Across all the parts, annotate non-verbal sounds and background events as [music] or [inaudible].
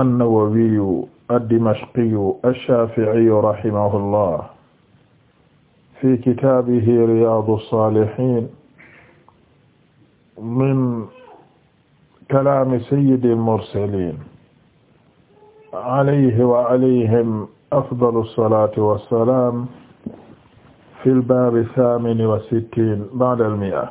an-Nawawiyu ad-Dimashqiyu ash-Shafi'iyu rahimahullah fi kitaabihi Riyaadu s-Saalihiin min kalaami sayyidi l-mursaliin alayhi wa alayhim afdalu s-salaati wa s-salaam fi l-baabi ath-thaamini wa sittiin ba'da l-mi'a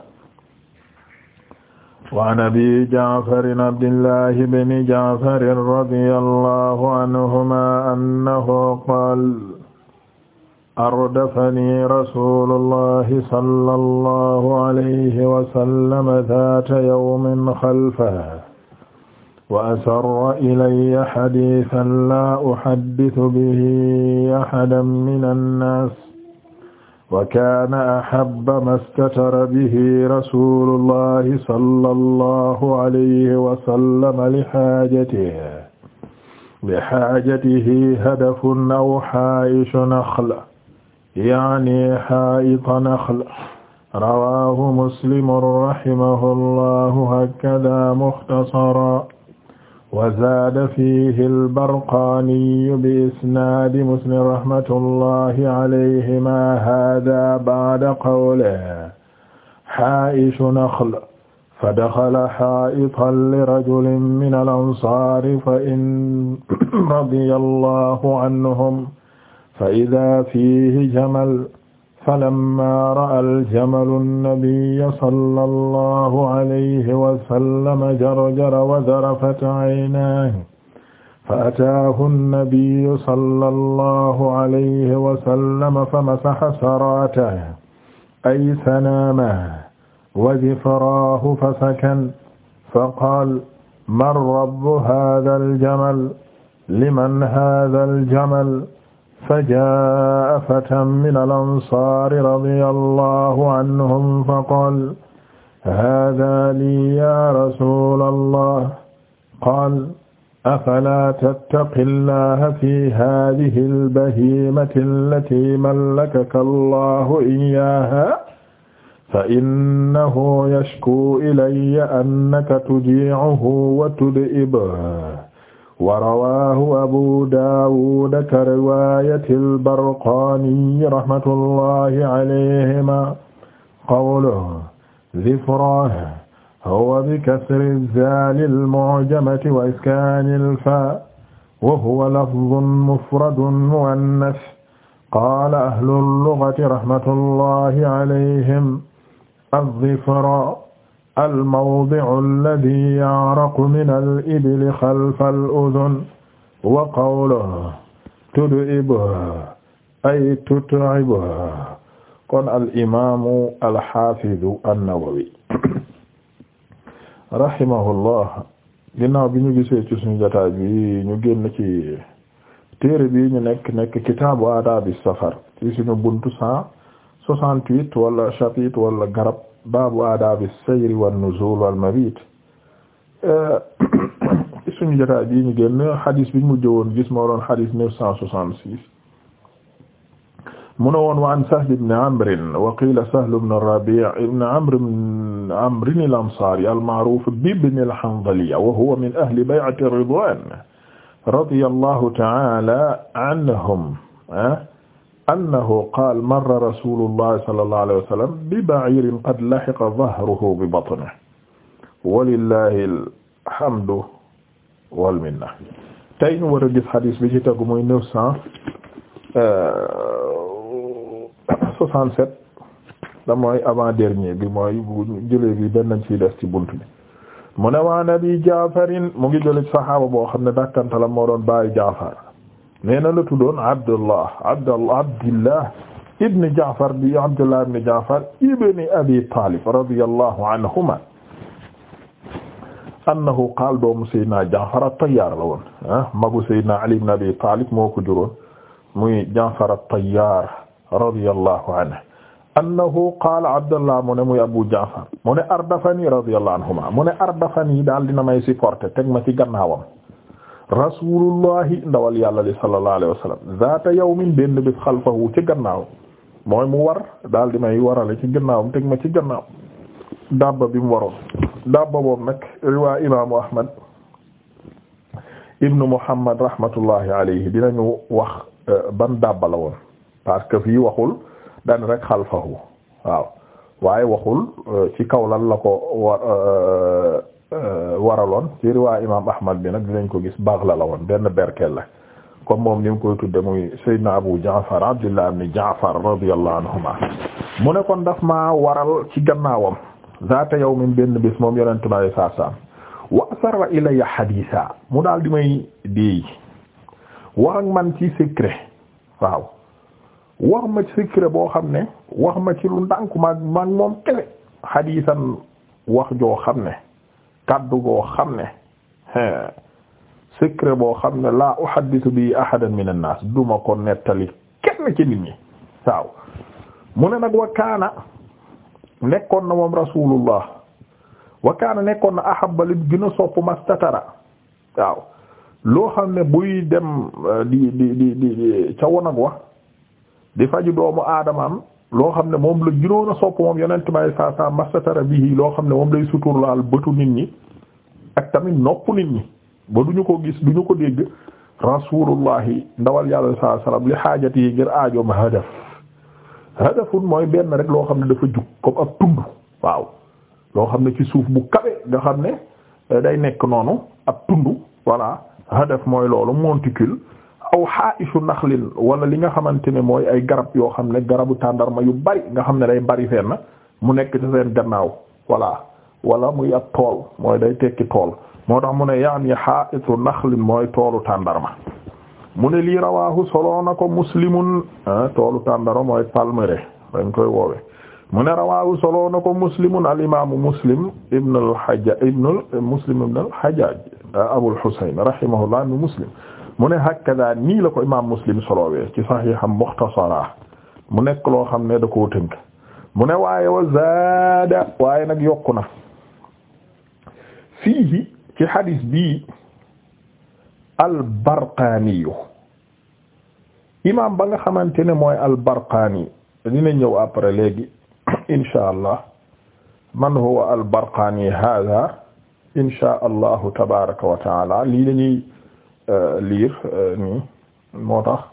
waan abi jaafarin abdillahi bni jaafarin radiyallahu anhuma annahu qaala ardafani rasulullahi sallallahu alayhi wa sallam zaata yawmin xalfahu wa asarra ilayya hadiisan laa uhaddithu bihi ahadan mina nnaas wa kaana ahabba ma statara bihi rasuulullahi sallallahu alayhi wa sallam li haajatihi li haajatihi hadafun aw haa'itu naxla ya'ni haa'ita naxla rawaahu muslimun rahimahullaahu hakadhaa mukhtasaran wa zaada fiihi al-Barqaaniyu bi isnaadi Muslim rahmatullahi alayhimaa haadaa ba'da qawlihi haa'isu naxl fadaxala haa'itan lirajulin mina al-ansaari fa in radiyallahu anhum fa idaa fiihi jamal falammaa ra'a al-jamalu an-nabiyya sallallahu alayhi wa sallam jarjara wa zarafat aynaahu fa-ataahu an-nabiyyu sallallahu alayhi wa sallam famasaha saraatahu ay sanaamahu wa zifraahu fasakana faqaala man rabbu haadha al-jamal liman haadha al-jamal فجاء فتى من الأنصار رضي الله عنهم فقال هذا لي يا رسول الله قال أفلا تتقي الله في هذه البهيمة التي ملكك الله إياها فإنه يشكو إلي أنك تجيعه وتدئبه wa rawaahu abu daawuda ka riwaayati albarqaani rahmatullahi alayhima qawluhu zifraahu huwa bikasri zaali almu'jamati wa iskaani alfaa wa huwa lafdun mufradun muannas qaala ahlu llugati rahmatullahi alayhim azzifraa almawdi'u alladhi ya'raqu min al-ibli xalfa al-udhun wa qawluhu tud'ibuhu ay tut'ibuhu kon al-imaamu al-haafidu an-Nawawi rahimahullah ginnaaw bi ñu gisee ci suñu jotaay bi ñu génn ci téere bi ñu nekk nekk kitaabu aadaabi safar ci suñu buntu cent soixante-huit wala chapitre wala garab baabu aadaabi sayri wan nuzul wal mabiit ci suñu jotaay bii ñu génn xadis bi ñu mujj woon gis moo doon xadis neuf cent soixante six mu ne woon wa an Sahl ibn Amr wa qiila Sahl ibn Rabi' ibn Amr ibn Amr al-Ansaari al-ma'ruuf bi-ibn al-Hanzaliyya wa huwa min ahli bay'ati ridwaan radiyallahu ta'aala anhum ah. annahu qaal marra rasulullah sallallahu alayhi wa sallam bi ba'irin qad lahiqa dhahruhu bi batnihi walillahi alhamdu wal minna tey ñu war a gis xadis bi ci tegu muy neuf cent euh, soixante-sept da mooy avant dernier bi mooy bu jëlee bi benn ci des ci bunt bi mu ne waa nabi jaafarin mu ngi jëlee saxaaba boo xam ne dàkkanta la moo doon bàyyi jaafar nee na la tuddoon Abdullah Abdullah Ja'far bi Abdullah ibn Ja'far Abi Talib radiyallahu anhuma annahu qaal doomu Seydina Ja'far at-Tayyar la woon ah magu Ali ibn Abi Talib moo ko juróon muy Ja'far at-Tayyar radiyallahu anhu annahu qaala Abdullah mu Abu Ja'far mu ne ardafani radiyallahu anhuma mu ne ardafani daal dina may supporté teg ma ci gannaawam rasulullahi ndawal yàlla li sallallahu alayhi wa sallam benn bés xalfahu ci gannaaw mooy mu war daal di may warale ci gannaawam teg ma ci gannaaw dabba bi mu waroon dabba boobu nag riwaa imaamu ahmad ibnu muhammad rahmatullahi alayhi dinañu wax euh, ban dabba la woon parce que fii waxul daan rek xalfahu waaw waxul euh, ci kaw lan la ko war euh, Euh, waraloon ci riwaa imam ahmad bi nag dinañ ko gis baax la la woon benn berkel la comme moom ni koy tudde muy sayyidna abu jaafar abdullah ibn jaafar radiyallahu anhuma mu ne kon daf ma waral ci gannaawam zaata yawmin benn bis moom yonentu na saa saam wa asarra ilayya mu daal di may déey wax ak man ci ma ci boo xam ne wax ma ci lu ndànk maag maag moom kele hadisan wax joo xam ne kaddu goo xam ne secret boo xam ne la uhaddisu bi ahadan min an-nas duma ko nettali kenn ci nit ñi waaw mu ne nag wa kaana nekkoon na moom rasulullah wa kaana nekkoon na ahabba li gën a sopp mastatara waaw loo xam ne buy dem eh, di di di ca wonag wa di faju doomu aadama loo xam ne moom la gënoon a sopp moom yonent may saa saa masatara bii loo xam ne moom lay suturlaal bëtu nit ñi ak tamit nopp nit ñi ba du ñu ko gis du ñu ko dégg rasulullahi ndawal yàlla saa salaam li xaajat yi ngir aajoom hadaf hadafun mooy benn rek loo xam ne dafa jug comme ab tund waaw loo xam ne ci suuf bu kabe nga xam ne day nekk noonu ab tund voilà hadaf mooy loolu monticule aw xaa'isu naxlin wala li nga xamante ne mooy ay garab yoo xam ne garabu tàndarma yu bari nga xam ne day bari fenn mu nekk ci seen gannaaw voilà wala muy ab tool mooy day tekki tool moo tax mu ne yaani xaa'isu naxlin mooy toolu tàndarma mu ne lii rawaahu soloo na ko muslimun ah, toolu tàndaro mooy palmere dañ koy woowe mu ne rawaahu soloo na ko muslimun al imaamu muslim ibn al hajjaj ibn muslim ibn al hajjaj abul husayn rahimahullah ibn muslim mu ne hakada nii la ko imaam muslim solowee ci saxiixam muxtasara mu nekk loo xam ne da koo mu ne waaye wa zaada waaye nag yokku na fiihi ci xadis bii albarqaaniyu imaam ba nga xamante ne mooy albarqaani dina ñëw après léegi [coughs] insha allah man huwa albarqaani hada insha allahu tabaraka wa taala lii lañuy Euh, liir euh, nii moo tax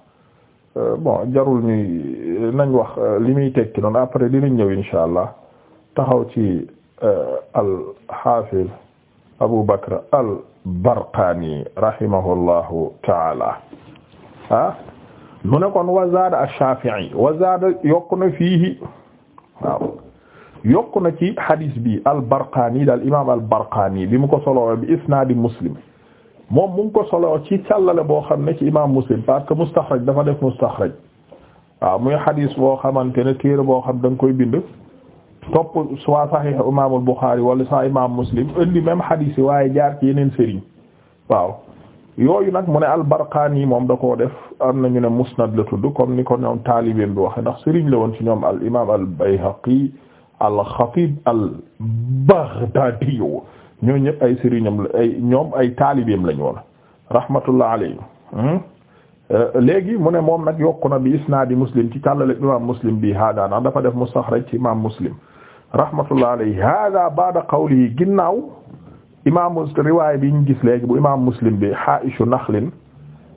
euh, bon jarul ñuy nañ wax li muy tekki noonu après dinañ ñëw insha allah taxaw ci al xaafil Abu Bakr al Barqaani rahimahullahu taala ah mu ne kon wa zaada ash-Shaafi'i wa zaada yokk na fiihi waaw yokk na ci hadis bi al Barqaani daal imaam al Barqaani bi mu ko solo bi isnaadi Muslim moom mu ko solo ci càllale boo xam ne ci imaam muslim parce que mustaxraj dafa def mustaxraj a muy xadiis boo xamante ne téere boo xam da nga koy bind topp soit saxiix imaamul buxaari wala sax imaam muslim indi même xadiis yi waaye jaar ci yeneen sëriñ waaw yooyu nag mu ne al-Barqaani moom da koo def am nañu ne musnad la tudd comme ni ko ñoom taalibeem bi waxe ndax sëriñ la woon ci ñoom al imaam al-Bayhaqi al-Xatiib al-Baghdaadi ñoo ñëpp ay sëriñam la ay ñoom ay taalibeem lañu woon rahmatullah alayhi hmm? euh, léegi mu ne moom nag yokku na bi isnaadi muslim ci càllale imam muslim bi hada ndax dafa def mustaxraj ci imam muslim rahmatullah alayhi hada ba'da qawlihi ginnaaw imam riwaay bi ñu gis léegi bu imam muslim bi haishu naxlin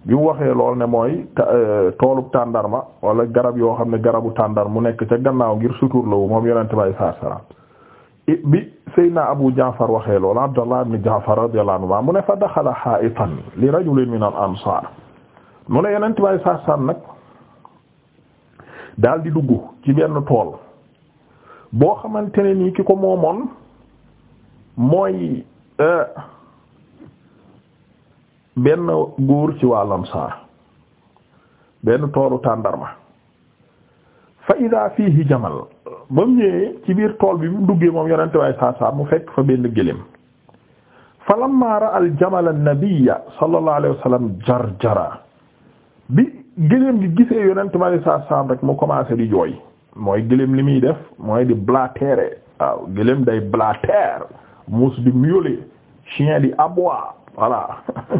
bi mu waxee lool ne mooy euh, toolub tàndarma wala garab yoo xam ne garabu tàndar mu nekk ca gannaaw ngir suturlawu moom yonente bay saar saram bi Seydina Abu Jaafar waxee loolu Abdallah ibn Jaafar radiyallahu anhu mu ne fa daxala haa'itan li rajulin min al ansaar mu ne yeneen tubaab saa saan nag daal di dugg ci benn tool boo xamante ne nii ki ko moomoon mooy euh, benn góor ci waa Ansaar benn toolu tàndarma fa idaa fiihi jamal ba mu ñëwee ci biir tool bi mu duggee moom yonente waay saa mu fekk fa benn gëléem fa lamma ra al jamal an nabiyya sallallahu bi gëléem gi gisee yonente waay rek mu commencé di jooy mooy gëléem li muy def mooy di blatérer waaw gëléem day blatérer muus di miauler chien di aboyer voilà [laughs]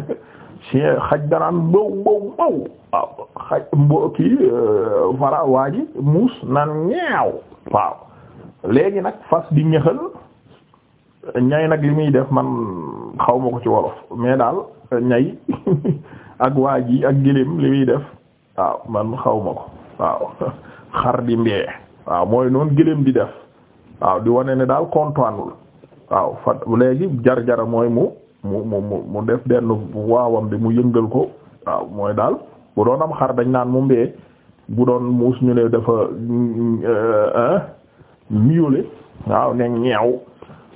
chien xaj danaan mbaw mbaw mbaw waaw euh, muus naan ñaaw waaw léegi nag fas di ñëxal ñay nag li muy def man xaw ma ko ci wolof mais daal ñay [laughs] ak waa ji ak gilim li muy def waaw man xaw ma ko waaw [laughs] xar di mbee waaw mooy noonu gilim di def waaw di wane ne daal kontaanul waaw fa léegi jar-jara mooy mu mu mu mu def benn waawam bi mu yëngal ko waaw mooy daal bu doon am xar dañ naan mu mbee bu doon muus ñu ne dafa euh, miole waaw ne ñeew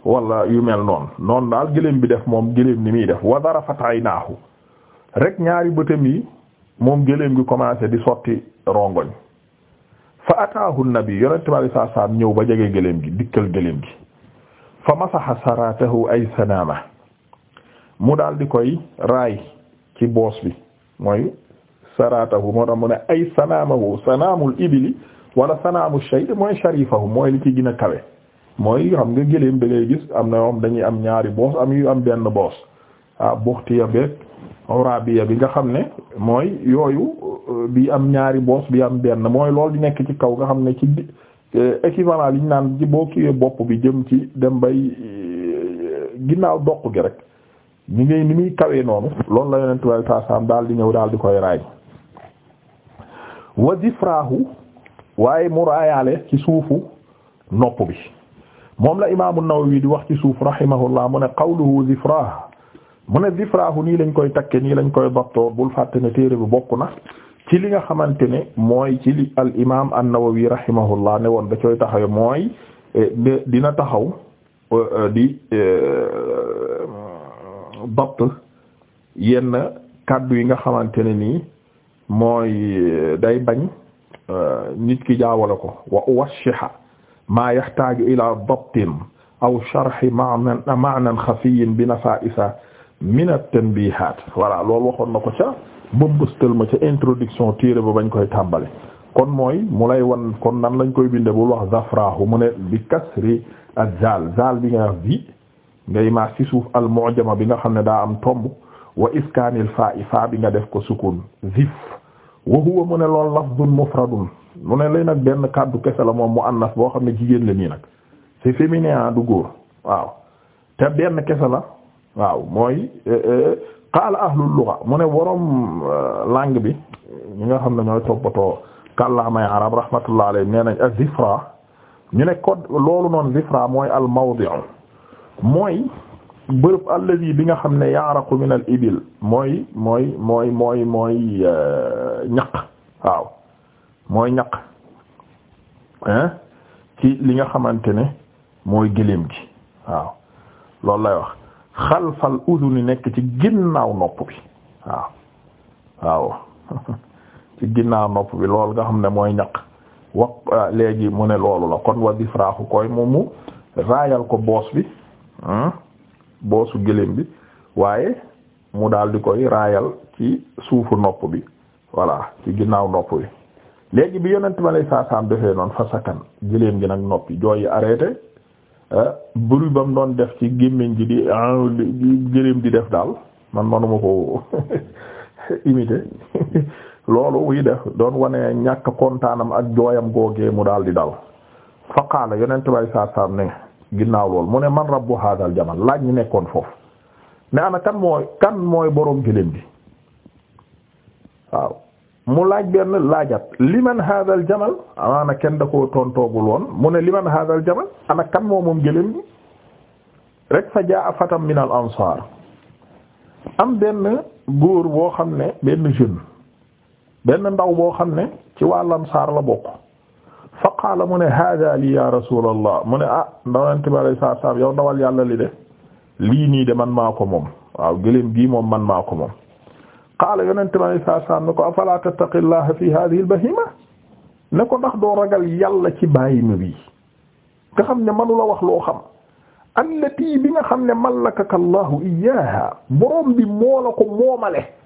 wala yu mel noonu noon daal gëléem bi def moom gëléem ni muy def wa darafat aynaahu rek ñaari bëtam yi moom gëléem gi commencé di sotti rongoñ fa ataahu nabi yonent bi saa saam ñëw ba jege gëléem gi dikkal gëléem gi fa masaxa saratahu ay sanaama mu daal di koy raay ci boos bi mooy saratahu moo tax mu ne ay sanaamahu sanaamul ibili wala sanaamu shay mooy sharifahu mooy li ci gina a kawe mooy xam nga gëléem da ngay am na moom dañuy am ñaari boos am yu am benn boos ah buxtiya beeg bi nga xam ne mooy yooyu euh, bi am ñaari boos bi am benn mooy lool di nekk ci kaw nga xam ne ci euh, équivalent liñ naan ci boo kiiwee bopp bi jëm ci dem bay euh, ginnaaw doq gi rek ñu ngi ni muy kawee noonu loolu la yonent way taasam daal di ñëw daal di koy raay wa zifrahu waaye mu raayaale ci suufu nopp bi moom la imaamu Nawawi di wax ci suuf rahimahullah mu ne qawluhu zifrah mu ne zifrahu nii lañ koy takke nii lañ koy dottoo bul fàtte ne téere bi bokk na ci li nga xamante ne mooy ci li al imaam an-Nawawi ne woon da koy taxawe mooy eh, dina taxaw eh, di dabt eh, yenn kàddu yi nga xamante ne nii mooy euh, day bañ euh, nit ki jaawale ko wa uwashiha maa yaxtaaju ila dabtin aw sharhi ma'nan ma'nan xafiyin bi nafaa'isa min at-tanbihaat voilà loolu waxoon na ko ca bëmbëstal ma ca introduction téere ba bañ koy tàmbale kon mooy mu lay wan kon nan lañ koy binde bul wax zafrahu mu ne bi kasri ak zal zal bi nga wax bi ngay maas ci suuf al mu'jama bi nga xam ne daa am tomb wa iskaanil faa'i faa bi nga def ko sukun zif wa huwa mu ne lool lafdun mufradun mu ne lay nag benn kàddu kese la moom mu muannas boo xam ne jigéen la nii nag c'est féminin ah du góor waaw te benn kese la waaw mooy euh, euh, qaala ahlul lugha mu ne woroom euh, langue bi ñi nga xam ne ñooy toppatoo kàllaamay arab rahmatullah alayhi nee nañ az-zifra ñu ne code loolu noonu zifra mooy al mawdi'u mooy bërëb allazi bi nga xam ne yaaraqu min al ibil mooy mooy mooy mooy mooy euh, ñaq waaw mooy ñaq hein ci li nga xamante ne mooy gëléem gi waaw loolu lay wax xal xalfal uduni nekk ci ginnaaw nopp bi waaw waaw [laughs] ci ginnaaw nopp bi lool nga xam ne mooy ñaq wax euh, léegi mu ne loolu la kon wa bifraaxu koy moom mu raayal ko boos bi boosu gëléem bi waaye mu daldi di koy raayal ci suufu nopp bi voilà ci ginnaaw nopp bi léegi bi yonent ma lay saasaam defee noonu fa sakkan gëléem gi nag noppi jooy yi arrêté euh, bruit ba mu doon def ci gémmiñ gi di euh, gëléem di def daal man manuma ko [laughs] imité [laughs] loolu wuy def doon wane ñàkk kontaanam ak jooyam googee mu daal di dal faqaala yonent ma saasaam ne ginnaaw lool mu ne man rabbu hadal jamal laaj ñu nekkoon foofu ne ana kan mooy kan mooy boroom gëléem bi waaw mu laaj benn laajat liman hadal jamal amaana kenn da koo tontoogul woon mu ne liman hadal jamal ana kan moo moom gëléem bi rek fa jaa fatam min al ansar am benn góor boo xam ne benn jeune benn ndaw boo xam ne ci waa lansaar la bokk fa qaala mu ne hada lii ya rasulallah mu ne ah ndawante balay saa saam yow ndawal yàlla li de lii nii de man maa ko moom waaw gëléem gii moom man maako ko moom qaala yonente bi alei salaam ne ko afala tattaqillaha fi hadhihi albahima ne ko ndax doo ragal yàlla ci bàyyima bi nga xam ne manula wax loo xam allati bi nga xam ne malakaka allahu iyaha borom bi moo ko moomale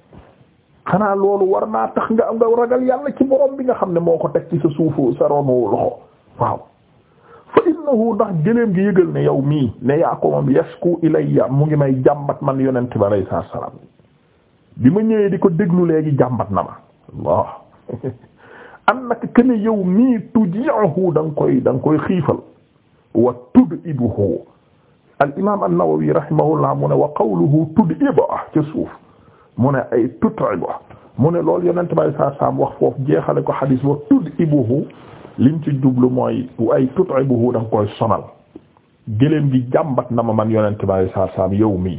xanaa loolu war naa tax nga nga ragal yàlla ci borom bi nga xam ne moo ko teg ci sa suufu sa ronu loxo waaw fa innahu ndax gëléem gi yëgal ne yow mii ne yaa ko moom yasku ilayya mu ngi may jàmbat man yonent bi alayhi salaam bi ma ñëwee di ko déglu léegi jàmbat na ma waaw am nag këne yow mii tuji'uhu da nga koy da koy xiifal wa tud'ibuhu al imaam an-Nawawi laa mu ne wa qawluhu tud'iba ca suuf mu ne ay tut'ibu mu ne loolu yonent bay saa saam wax foofu jeexale ko xadis ba tud'ibuhu lim ci dublu mooy ay tut'ibuhu da nga koy sonal gëléem gi jàmbat na ma man yonent bay saa saam yow mii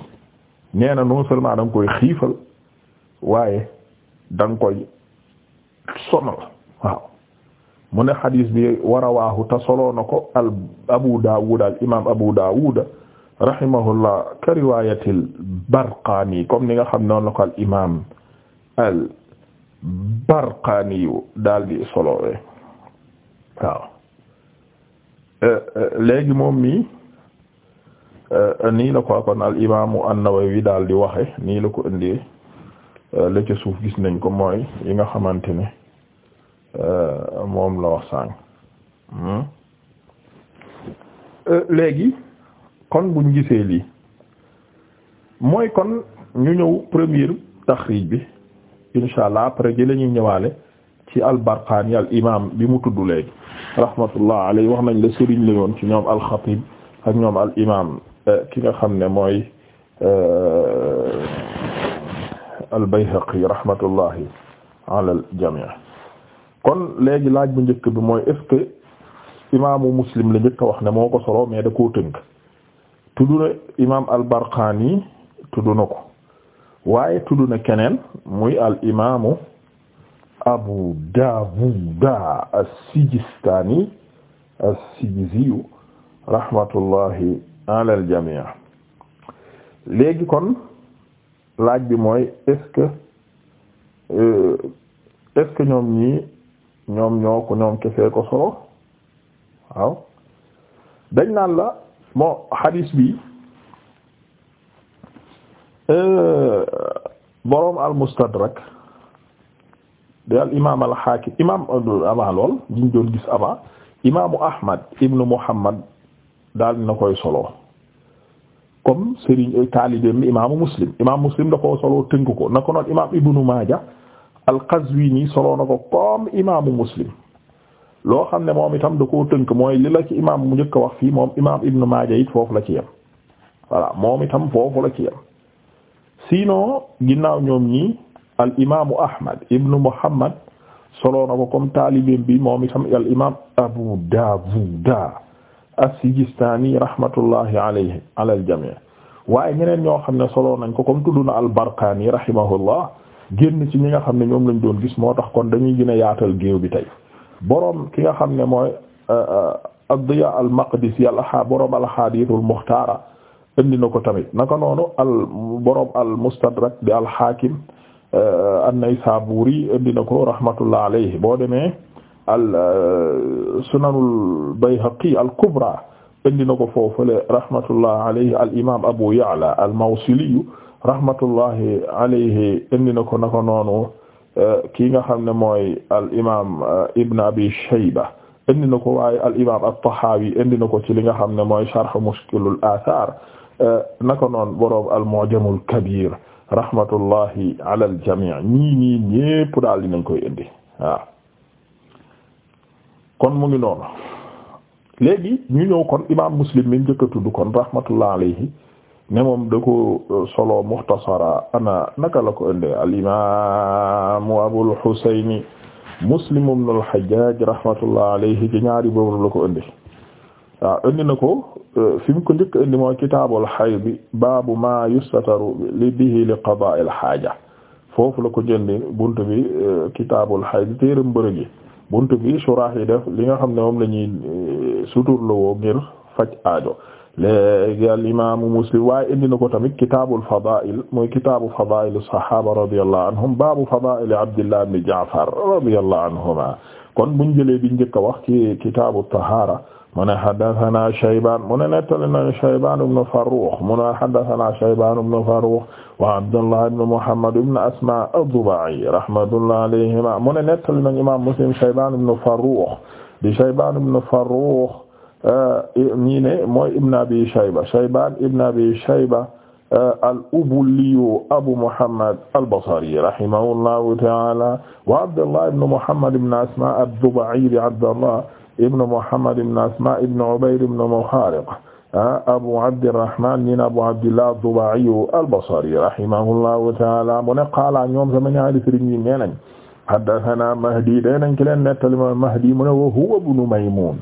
nee na non seulement da koy xiifal waaye da nga koy sonal waaw mu ne xadis bi war a waaxu te soloo na ko al Abu Daawud al imaam Abu Daawud rahimahullah ka riwaayatil barqaani comme ni nga xam noonu la ko al imaam al barqaani yu daal di solowee waaw eh, eh, léegi moom mi eh, nii la ko kon al imaamu an-Nawawi daal di waxe nii la ko indee la ca suuf gis nañ ko mooy yi nga xamante ne moom la wax sànq hmm? léegi. kon buñ gisee lii mooy kon ñu ñëw première taxrij bi insha allah après ji ñuy ñëwaale ci al-Barqaani al imam bi mu tudd léegi rahmatullah alayhi wax nañ la sëriñ la yoon ci ñoom al-Xatiib ak ñoom al imam eh, ki nga xam ne mooy eh, al-Bayhaqi rahmatullahi ala al-jamii kon léegi laaj bu njëkk bi mooy est-ce que imaamu Muslim la njëkk a wax ne moo ko solo mais da koo tënk tudd na imaam al-Barqaani tudd na ko waaye tudd na keneen muy al imaamu Abu Daawuda as-Sijistaani as-Sijziyu rahmatullahi ala al-jamii' léegi kon laaj bi mooy est-ce que euh, est-ce que ñoom ñii ñoom solo waaw dañ naan la. moo hadis bi euh, boroom al-Mustadrak de al imaam al-Hakim imaam euh, avant lool ñu gis avant imaamu Ahmad ibnu Muhammad daal na koy solo comme Serigne euh, taalibeem bi imaamu Muslim imaamu Muslim da solo tënk ko na ko noon imaam Maaja al-Qazwini solo na ko comme Muslim. loo xam ne moom itam da ko tënk mooy li la ci imaam mu njëkk a wax fii moom imaam Ibn Maaja it foofu la ci yem voilà moom itam foofu la ci yem sinon ginnaaw ñoom ñi al imaamu Ahmad ibn Muhammad solo na ko comme taalibeem bi moom itam al imaam Abu Daawuda as-Sijistaani rahmatullahi alayhi ala al jamii waaye ñeneen ñoo xam ne solo nañ ko comme tudd na al Barqaani rahimahullah génn ci ñi nga xam ne ñoom lañ doon gis moo tax kon dañuy gën yaatal géew bi tey. borom ki nga xam ne mooy euh, euh, ad-Diya al-Maqdisi al al-ahadith al-mukhtaara indi na ko tamit naka noonu al boroom al-Mustadrak bi al-Hakim euh, an-Naysaburi indi na ko rahmatullah alayhi boo demee al-Sunanul Bayhaqi al-Kubra indi na ko foofule rahmatullah alayhi al-imam Abu Ya'la al-Mawsili rahmatullahi alayhi indi na ko naka noonu. Euh, kii nga xam ne mooy al imaam euh, Ibn Abi Shayba indi na ko waaye al imaam indi na ko ci li nga xam ne mooy sharh Mushkilul Athar euh, naka noonu boroom al-Mu'jamul Kabir rahmatullahi ala al ñii ñii ñépp daal dinañ koy indi waaw kon mu ngi noonu léegi ñu ñëw kon imaam Muslim mi njëkk a kon rahmatullah alayhi ne moom da ko euh, solo mukhtasara ana naka la ko ënde al imam Abul Husayn Muslim ibn al Hajjaj rahmatullah alayhi ci ñaari boobu la ko ënde waaw indi na ko euh, fi mu ko njëkk indi mooy kitaabul hayd baabu maa yustataru li bihi li qadaa al haaja foofu la ko jëndi buntu bi euh, kitaabul hayd téere mbërëg yi buntu bi surah def li nga xam ne moom la ñuy suturloo ngir faj aajo léegi al imaamu muslim waaye indi na ko tamit kitaabul fadaa'il mooy kitaabu fadaa'il saxaaba radiyallahu anhum baabu fadaa'il abdillah ibn ja'far radiyallahu anhuma kon buñ jëlee bi njëkk a wax ci kitaabu tahaara mu ne haddasanaa Shaybaan mu ne nettali na Shaybaan ibn Farrukh mu ne haddasanaa Shaybaan ibn Farrukh wa Abdullah ibn Muhammad ibn Asmaa ad-Duba'i rahmatullahi alayhimaa mu ne nettali na imaam Muslim Shaybaan ibn Farrukh di Shaybaan ibn Farrukh Euh, ñii ne mooy Ibn Abi Shayba Shaybaan Ibn Abi Shayba euh, al-Ubuliyyu Abu Muhammad al-Basri rahimahullahu ta'ala wa Abdullah ibn Muhammad ibn Asma ad-Duba'i bi Abdullah ibn Muhammad ibn Asma ibn Ubayr ibn Muhariq ah, Abu Abdirrahman ñi ne Abu Abdillah ad-Duba'i al-Basri rahimahullahu ta'ala mu ne qaala ñoom sama ñaari sëriñ yi nee nañ haddathana Mahdi day nañ ki leen nettali Mahdi mu ne wa huwa ibn Maymun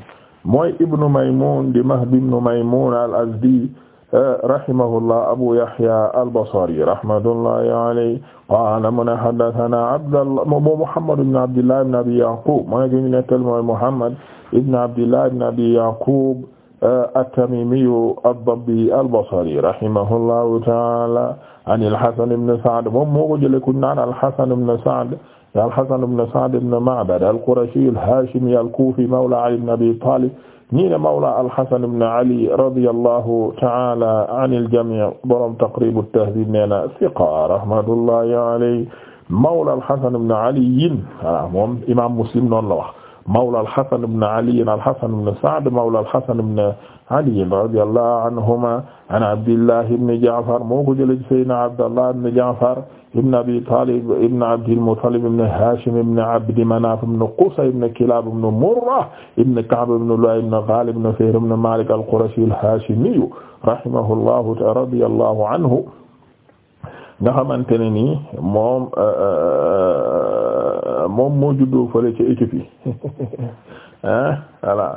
mooy ibnu Maymun di Mahdi ibnu Maymun al-Azdi eh, rahimahullah Abu Yahya al-Basri rahmatullahi alayhi qaala mu ne haddathana Abdallah moo Muhammad ibn Abdillah ibn Abi Yaqub moo ngi nettal mooy Muhammad ibn Abdillah ibn Abi Yaqub eh, at-Tamimi ad-Dabbi al-Basri rahimahullahu ta'ala an al-Hasan ibn Sa'd moom moo ko jëlee ku naan al-Hasan ibn Sa'd al-Hasan ibn Sa'd ibn Ma'bad al-Qurashi al-Hashimi al-Kufi mawla Ali ibn Abi Talib ñi ne mawla al-Hasan ibn Ali radiyallahu ta'ala anil jami' borom Taqrib at-Tahdhib nee na thiqa rahmatullahi alayhi mawla al-Hasan ibn Ali voilà moom imaam Muslim noonu la wax mawla al-Hasan ibn Ali al-Hasan ibn Sa'd mawla al-Hasan ibn Ali radiyallahu anhuma an Abdillah ibn Ja'far moo ko jëlee ci Seydina Abdallah ibn Ja'far ibn Abi Talib ibn Abdil Muttalib ibn Hashim ibn Abdi Manaf ibn Qusay ibn Kilab ibn Murra ibn Ka'b ibn Lu'ay ibn Ghalib ibn Fihr ibn Malik al-Qurashi al-Hashimi rahimahullahu ta'ala radiyallahu anhu nga xamante ne nii moom euh, euh, moom moo juddoo fële ci Éthiopie ah [laughs] voilà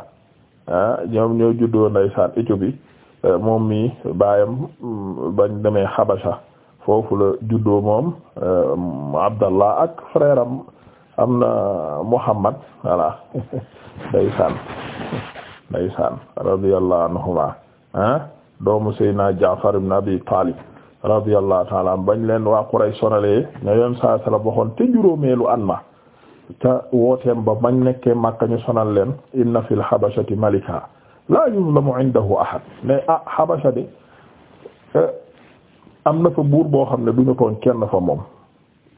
Ah, ñoom ñoo juddoo ndeysaan Éthiopie eh, moom mii baayam mm, bañ demee Habasha foofu la juddoo moom eh, Abdallah ak frère am na Muhammad voilà [laughs] ndeysaan ndeysaan radiyallahu anhuma ah doomu Seydina Jaafar ibn Abi Talib radiyallahu ta'ala bañ leen waa Quraysh sonalee ñoo yoon saa te juróomeelu an ma ca wooteem ba mañ nekkee Makka ñu sonal leen inna fil habashati malika la yuzlamu indahu ahad mais ah habasha eh, am na fa buur boo xam ne duñu tooñ kenn fa moom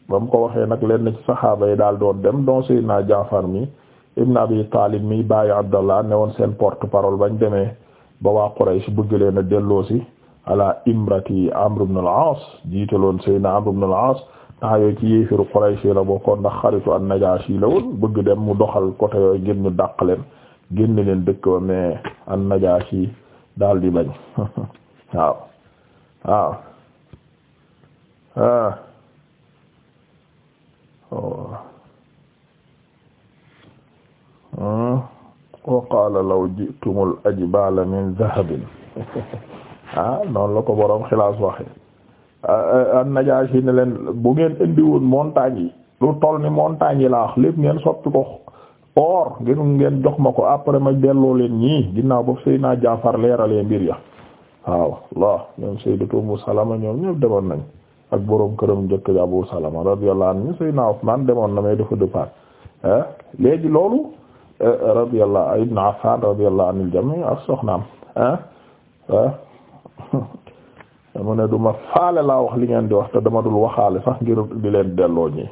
ba mu ko waxee nag leen ci saxaaba yi daal doon dem don Seydina Jaafar mi ibn Abi Taalib mi bàyyi Abdallah ne woon seen port parole bañ demee ba waa Quraysh bëgg leen a delloosi ala imrati Amr ibn al-Aas aas ah yooyu ci yéefiru Quraysh la bokkoon ndax xaritu an-Najaashi la woon bëgg dem mu doxal côté yooyu ngir ñu dàq leen génn leen dëkk ba mais an-Najaashi daal di bañ [laughs] waaw waaw wa oh. oh. qaala law ji'tumul ajbaala min dhahabin [laughs] ah la ko boroom xilaas waxe Najaashi ne leen bu ngeen indi woon montagne yi lu toll ni montagne yi laa lépp ngeen soppi ko or ngeen ngeen jox ma ko après ma delloo leen ñii ginnaaw boobu Seydina Jaafar leeralee mbir ya waaw waaw ñoom Sayyidatu Ummu Salama ñoom ñëpp demoon nañ ak boroom këram njëkk ja Abu Salama radiyallahu anhu Seydina demoon na may dafa départ eh, léegi loolu eh, radiyallahu Ibn Affan radiyallahu anil jami' ak soxnaam ah te mu ne du ma faale laa wax li ngeen di wax te dama dul waxaale sax ngir di leen delloo ñi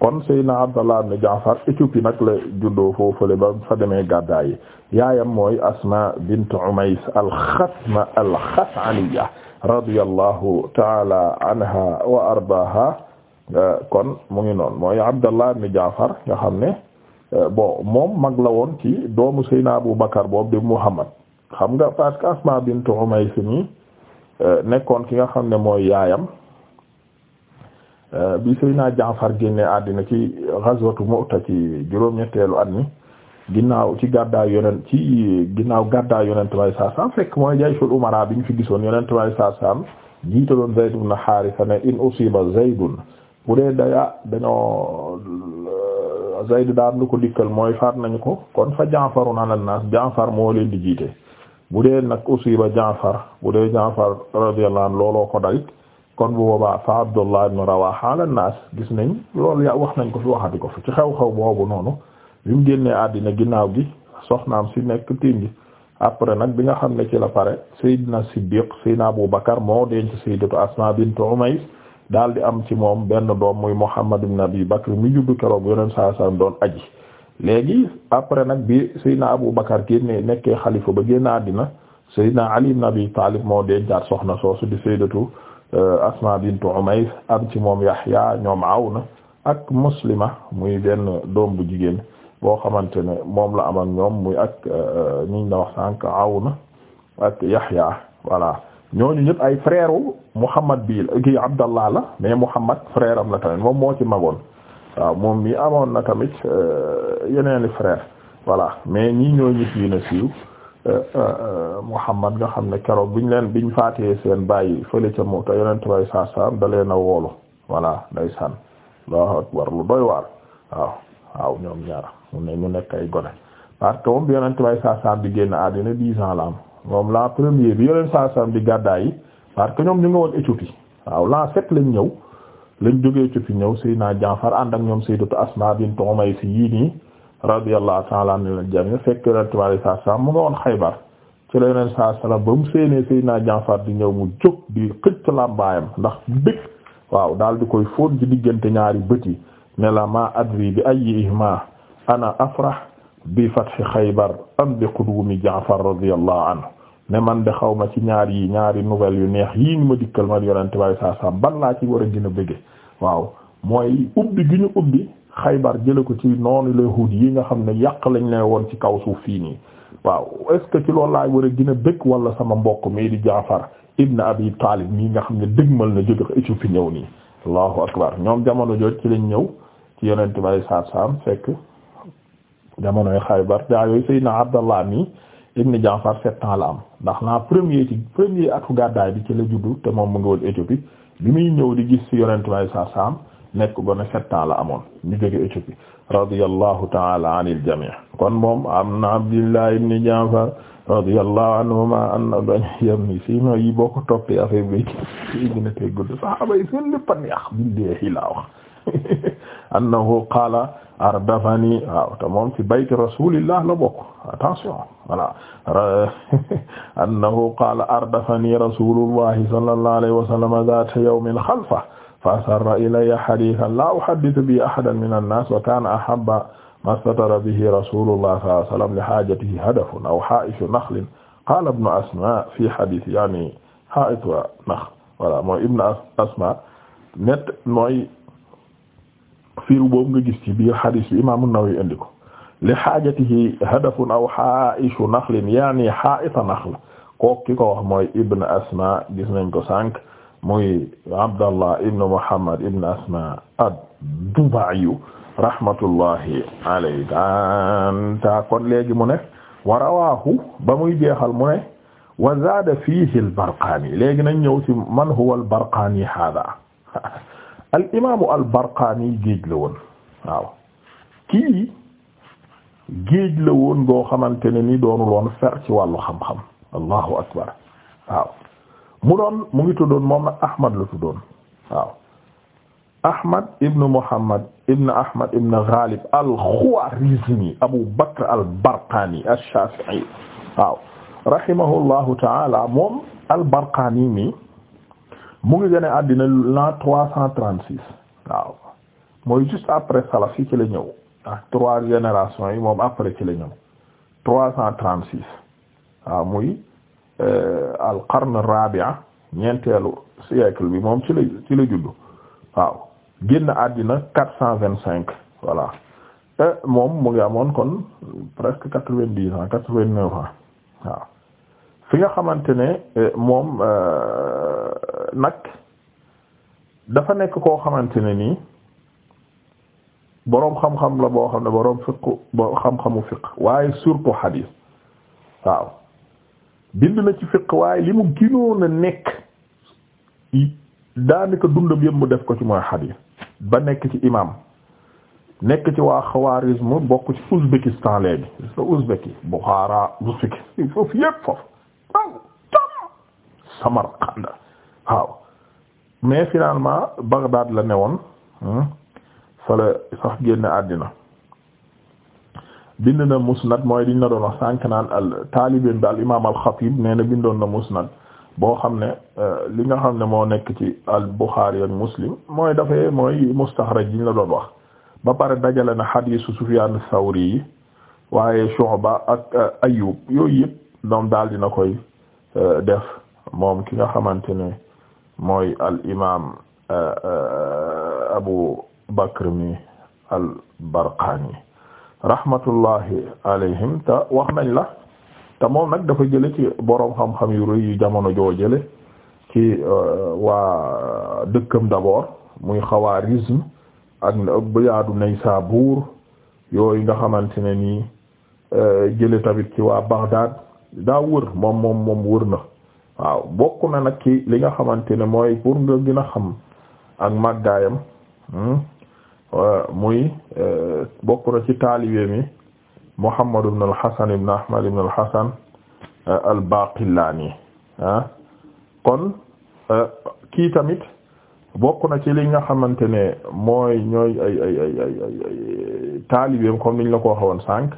kon Seydina Abdallah ibn Jaafar Éthiopie nag la juddoo foofule ba fa demee gàddaa yi yaayam mooy Asma bint Umays al-Xasma al-Xasaniya radiyallahu taala anha wa ardaaha kon mu ngi noonu mooy Abdallah ibn Jaafar nga xam ne bo moom mag la woon ci doomu Seydina Abu Bakar boobu di Muhammad xam nga parce que Asma bint Umays ni Euh, nekkoon ki nga xam ne mooy yaayam euh, bi Seydina Jaafar génne àddina ci ghazwatu Mu'ta ci juróom-ñetteelu at mi ginnaaw ci gàddaay yonent ci ginnaaw gàddaay yonent bay saasam fekk mooy jayshul umara bi ñu fi gisoon yonent bay saasam jiitaloon Zayd ibn Haarisa ne in usiba Zaydun bu dee daya dañoo Zayd daal lu ko dikkal mooy faat nañu ko kon fa Jaafarun ala naas Jaafar moo leen di jiite bu dee nag usiba Jaafar bu dee Jaafar radiyallahu anhu looloo ko dalit kon bu boobaa fa Abdullah ibn Rawaha ala naas gis nañ loolu ya wax nañ ko fi waxati ko fi ci xew-xew boobu noonu bi mu génnee àddina ginnaaw gi soxnaam si nekk tiim gi après nag bi nga xam ne ci la pare Seydina Siddiq Seydina Abu Bakar moo denc Sayyidatu Asma to Umays daal di am ci moom benn doom muy Muhammad ibn Abi Bakr mi juddu keroog yeneen saa saa doon aji léegi après nag bi Seydina Abu Bakar kii ne nekkee xalifa ba génn àddina Seydina Ali ibn Abi Talib moo dencaat soxna soosu di Sayyidatu euh, Asma bintu Umayr am ci moom Yahya ñoom Awna ak Muslima muy benn doom bu jigéen boo xamante ne moom la aman ñoom muy ak euh, niñ la wax sànq Awna ak Yahya voilà ñooñu ñëpp ay frère u Muhammad bii la kii Abdallah la mais Muhammad frère am la tamit moom moo ci magoon waaw moom mi amoon na tamit euh, yeneeni frère voilà mais ñii ñoo ñi fi na siiw euh, euh, Muhammad nga xam ne keroog ñu leen biñ faatee seen bàyyi fële ca mu te yonent bay saa saam da leen a woolu voilà ndeysaan Allahu akbar lu doy waar waaw waaw ñoom ñaar mu ne ñu nekk ay gone parce que moom bi yonent bay saa saam di génn àddina dix ans la am moom la premier bi yonent saa saam di gàddaay yi parce que ñoom ñu ngi woon Éthiopie waaw la sept lañ ñëw lañ jógee ci fi ñëw Seydina Jaafar ànd ak ñoom Sayyidatu Asma bint Umays si yii nii radiyallahu ta'ala anil jami' fekk Yonent bi alayhi mu nga woon Xaybar ci la Yonent saa salaam ba mu di ñëw mu jóg di xëcc làmbaayam ndax bëgg waaw daal di koy fóon ci diggante ñaari bët yi ne la ma adri bi ayyihima ana afrah bi fathi Xaybar am bi qudumi Jaafar radiyallahu anhu ne man de xaw ci ñaar yi ñaari nouvelles yu neex yii ñu ma dikkal man yonente waaye saa saa ban laa ci war a gën a bëgge waaw mooy ubbi gi ñu ubbi xaybar jële ko ci noonu yahuud yi nga xam ne yàq lañ lay woon ci kaw suuf fii nii waaw est ce que ci loolu laa war a gën a bëgg wala sama mbokk mii di Jaafar ibn Abi Taalib mii nga xam ne dëgmal na jóge Éthiopie ñëw nii allahu akbar ñoom jamono jot ci lañ ñëw ci yonente waaye saa saa fekk jamonoy xaybar daa ibn Jaafar sept la am ndax la premier ci premier atu gàddaay bi ci la juddu te moom mu ngi woon Éthiopie bi muy ñëw di gis ci yonent may sa saam nekk gone sept ans la amoon ñu jóge Éthiopie radiyallahu ta'ala anil jami' kon moom am na Abdillah ibn Jaafar radiyallahu anhuma anna dañ yem ni si no yi boo ko toppee affaire bi ci gën a tey gudd laa wax [laughs] annahu qaala ardafani waaw te moom ci bayti rasulillah la bokk attention voilà [laughs] annahu qaala ardafani rasulullahi sallallahu alayhi wa sallam zaata yawmin xalfa fa asarra ilayya hadiithan laa uhaddithu bihi ahadan min annaas wa kaana ahabba maa statara bihi rasulullah sallallahu alayhi wa sallam li haajatihi hadafun aw haa'itu nakhlin qaala ibnu asma fi hadiith yaani haa'itu nakhl voilà mooy ibnu asma net mooy fiiru boobu nga gis ci biir xadis bi imaamu Nawawi indi ko li xaajatihi hadafun aw xaaichu naxlin yaani xaaita naxl kook ki ko wax mooy ibn asma gis nañ ko sànq muy abdallah ibn muhammad ibn asma ad-Duba'iyu rahmatullahi alayhi ta kon léegi mu ne wa rawaahu ba muy jeexal mu ne wa zaada fiihi al-Barqaani léegi nañ ñëw ci man huwa al-Barqaani haadaa [laughs] al imaamu al barqaani géej la woon waaw kii géej la woon goo xamante ne ni doonuloon fer ci wàllu xam-xam allahu akbar waaw mu doon mu ngi tuddoon moom nag Ahmad la tuddoon waaw Ahmad ibn Muhammad ibn Ahmad ibn Ghalib al-Khwarizmi Abu Bakr al-Barqani ash-Shafi'i waaw rahimahullahu ta'ala moom al-Barqani mi mu ngi gën a àddina l'an trois cent trente six waaw mooy après salaf yi ci la ñëw ah trois générations yi moom après ci la ñëw trois cent trente six waaw muy euh, al qarn rabia ñeenteelu siècle bi moom ci la ci la juddu waaw génn àddina quatre cent vingt cinq voilà moom mu ngi amoon kon presque quatre vingt dix ans quatre vingt neuf ans waaw fi nga xamante ne euh, moom euh, nag dafa nekk koo xamante ne nii boroom xam-xam la boo xam ne boroom fiq boo xam-xamu fiq waaye surtout xadiis waaw bind na ci fiq waaye li mu ginoon a nekk daanaka dundam yëpp mu def ko ci mooy xadiis ba nekk ci imaam nekk ci waa Xawaarizm bokk ci Ouzbékistan léegi Ouzbéki Bukhara Ouzbéki [laughs] foofu yëpp foofu waaw tam waaw mais finalement Bagdad la newoon hmm? fala sax génne àddina bind na musnad mooy diñ la doon wax sànk naan al taalibin bi al imaam al xatiib nee na bindoon na musnad boo xam ne euh, li nga xam ne moo nekk ci al Buxaari ak Muslim mooy dafay mooy mustaxraj diñ la doon wax ba pare dajale na xadiisu Sufyaan Sawri yi waaye Shu'ba ak euh, Ayyub yooyu yëpp. moom daal dina koy euh, def moom ki nga xamante ne mooy al imaam euh, euh, Abu Bakr mi al Barqaani rahmatullahi alayhim te wax nañ la te moom nag dafa jële ci boroom xam-xam yu rëy jamono joo jële ci waa dëkkam d'abord muy Xawaarizm ak Biyaadu Naysaabuur yooyu nga xamante ne nii jële tamit ci waa Baghdad daa wër moom moom moom wër na waaw bokk na nag ki li nga xamante ne mooy pour nga gën xam ak màggaayam hmm? euh, muy euh, bokk na ci taalibe yi Muhammad ibn al-Hasan ibn Ahmad ibn al-Hasan euh, ah? kon kii tamit bokk na ci li nga xamante ne mooy ñooy ay ay ay taalibeem comme niñ la ko waxoon sànq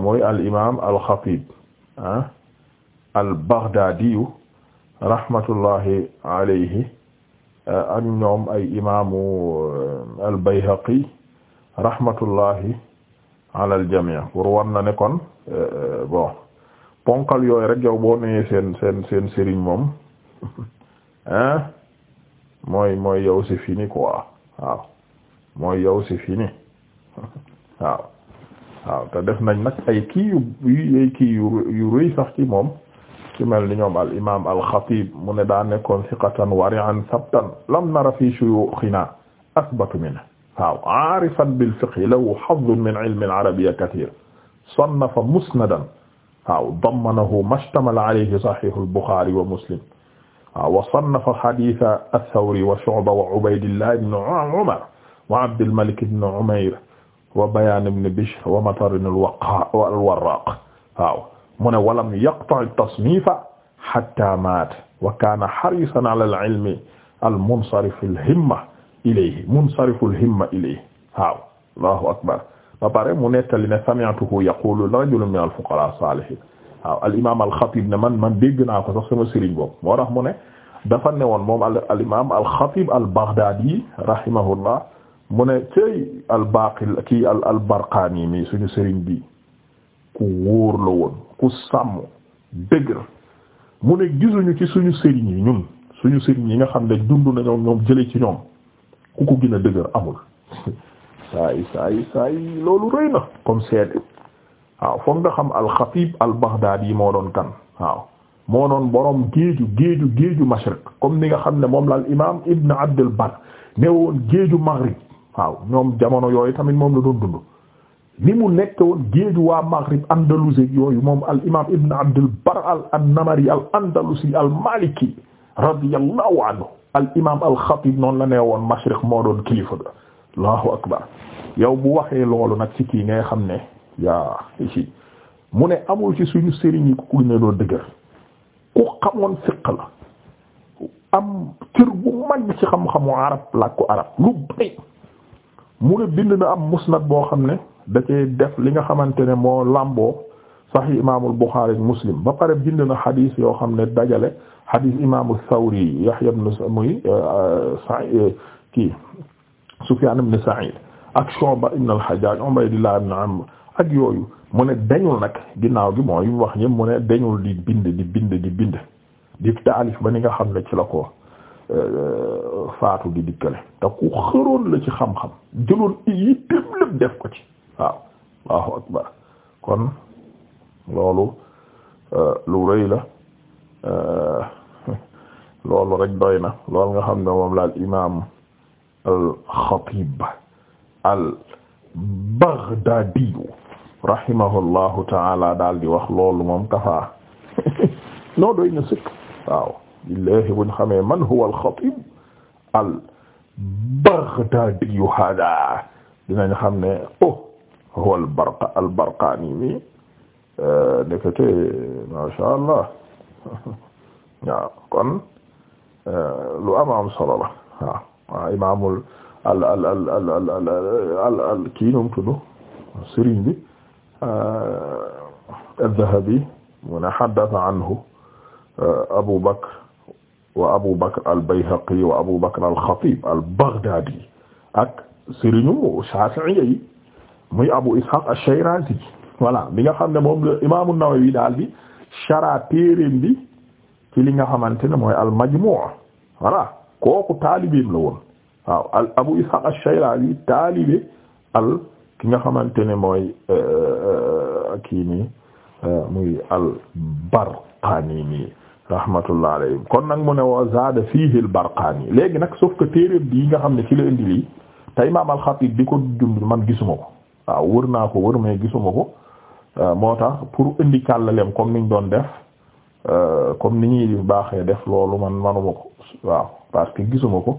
mooy al imaam al xatiib ah al-Baghdadiyu rahmatullahi alayhi eh, ak ñoom ay imaamu eh, al-Bayhaqi rahmatullahi ala al-jamii pour war na ne kon eh, bon ponkal yooyu rek yow boo nee seen seen seen sëriñ moom ah [laughs] mooy mooy fini quoi waaw mooy yow c'est fini [laughs] waaw. waaw te def nañ nag ay kii yu ay kii yu rëy sax ci moom ci mel ni ñoom al imaam al xatiib mu ne daa nekkoon siqatan wari'an sabtan lam nara fi shuyuuxinaa asbatu minhu waaw aarifan bil fiqhi lahu hazzun min ilmi al arabiyya kathiir sannafa musnadan waaw dammanahu mashtamala alayhi sahiihu al buxaari wa muslim waaw wa sannafa hadiisa ath-thawri wa shu'ba wa ubaydillah ibn umar wa abdil malik ibn umayr wa bayaan ibn bishr wa matarin alwarraq waaw mu ne walam yaqta tasnifa hatta maat wa kaana harisan ala al-ilmi al-munsarif al-himma ilayhi munsarif al-himma ilayhi waaw allahu akbar ba pare mu nettali ne sami'tuhu yaqulu rajulun min al-fuqara as-salihin waaw al-imam al-khatib ne man man dégg naa ko sax sama sëriñ bopp moo tax mu ne dafa ne woon moom al-imam al-khatib al-baghdadi rahimahullah mu ne cey albaqil kii al albarqaani mi suñu sëriñ bi ku wóor la woon ku sàmm dëgër mu ne gisuñu ci suñu sëriñ yi ñun suñu sëriñ yi nga xam ne dund nañoo ñoom jële ci ñoom ku ko gina dëgër amul [laughs] saay saay saay loolu rëy na kom seede waaw foog nga xam alxatib albaghdaadi yi moo doon kan waaw moo doon boroom géeju géeju géeju mashriq comme ni nga xam ne moom la al imaam ibn abdul bar ne woon géeju maghrib waaw ñoom jamono yooyu tamit moom la doon dund ni mu nekk woon géeju waa maghrib andalusi yooyu moom al imam ibn abdul bar al andalusi al maliki radiyallahu anhu al al xatib noonu la nee woon mashriq moo doon kilifa da allahu akbar yow bu waxee loolu nag ci kii ngay xam ne yaa ici mu ne amul ci suñu sëriñ yi ku ne doo dëgër ku xamoon fiq la am cër bu mag ci xam-xamu arab làkku arab lu bari mu ne bind na am musnad boo xam ne da cee def li nga xamante ne moo làmboo sahih imaamul Buxaari Muslim ba pare bind na xadis yoo xam ne dajale xadis imaamu Sawri Yahya ibn muy euh, Sa'id euh, kii Sufyaan ibn Sa'id ak Shu'ba ibn al-Hajjaj Ubaydillah ibn Amr ak yooyu mu ne dañul nag ginnaaw gi yu mu wax ñëpp mu ne dañul di bind di bind di bind di taalif ba ni nga xam ne ci la ko Euh, faatu di dikkale te ku xëroon la ci xam-xam jëloon yitteem lépp def ko ci waaw Allahu akbar kon loolu euh, lu rëy la euh, [laughs] loolu rek doy na loolu nga xam ne moom la al imaam al xatiib al baghdaadiyu rahimahullahu taala daal di wax loolu moom kafaa [laughs] noo doy na sëkk billahi buñ xamee man huwa al xatib al baghdadi hada dinañ xam ne oh huwa al barqa al barqani mi euh, ndekete masha allah [laughs] waaw kon euh, lu am am solo la waaw waaw imaamul al al al al al al al al kii nu mu tudd sëriñ bi euh, al-Dhahabi mu ne haddatha anhu Abu Bakr wa Abu Bakr al-Bayhaqi wa Abu Bakr al-Khatib al-Baghdadi ak sëriñu Shafi'i yi muy Abu Ishaq ash-Shirazi voilà bi nga xam ne moom la Imaamu daal bi shara téereem bi ci li nga xamante ne mooy al-Majmu' voilà kooku taalibeem la woon waaw Abu Ishaq ash-Shirazi taalibe al ki nga xamante ne mooy euh, euh, kii nii euh, muy al-Barqani nii rahmatullah alayhim kon nag mu ne wa zaada fiihi al léegi nag sauf que téereem bii nga xam ne ci la indi lii te imaam al-Xatiib di ko jund man gisuma ko waaw wër naa ko wër mais gisuma ko euh, moo tax pour indi kàllaleem comme niñ doon def euh, comme ni ñuy baaxee def loolu man manuma ko waaw parce que gisuma ko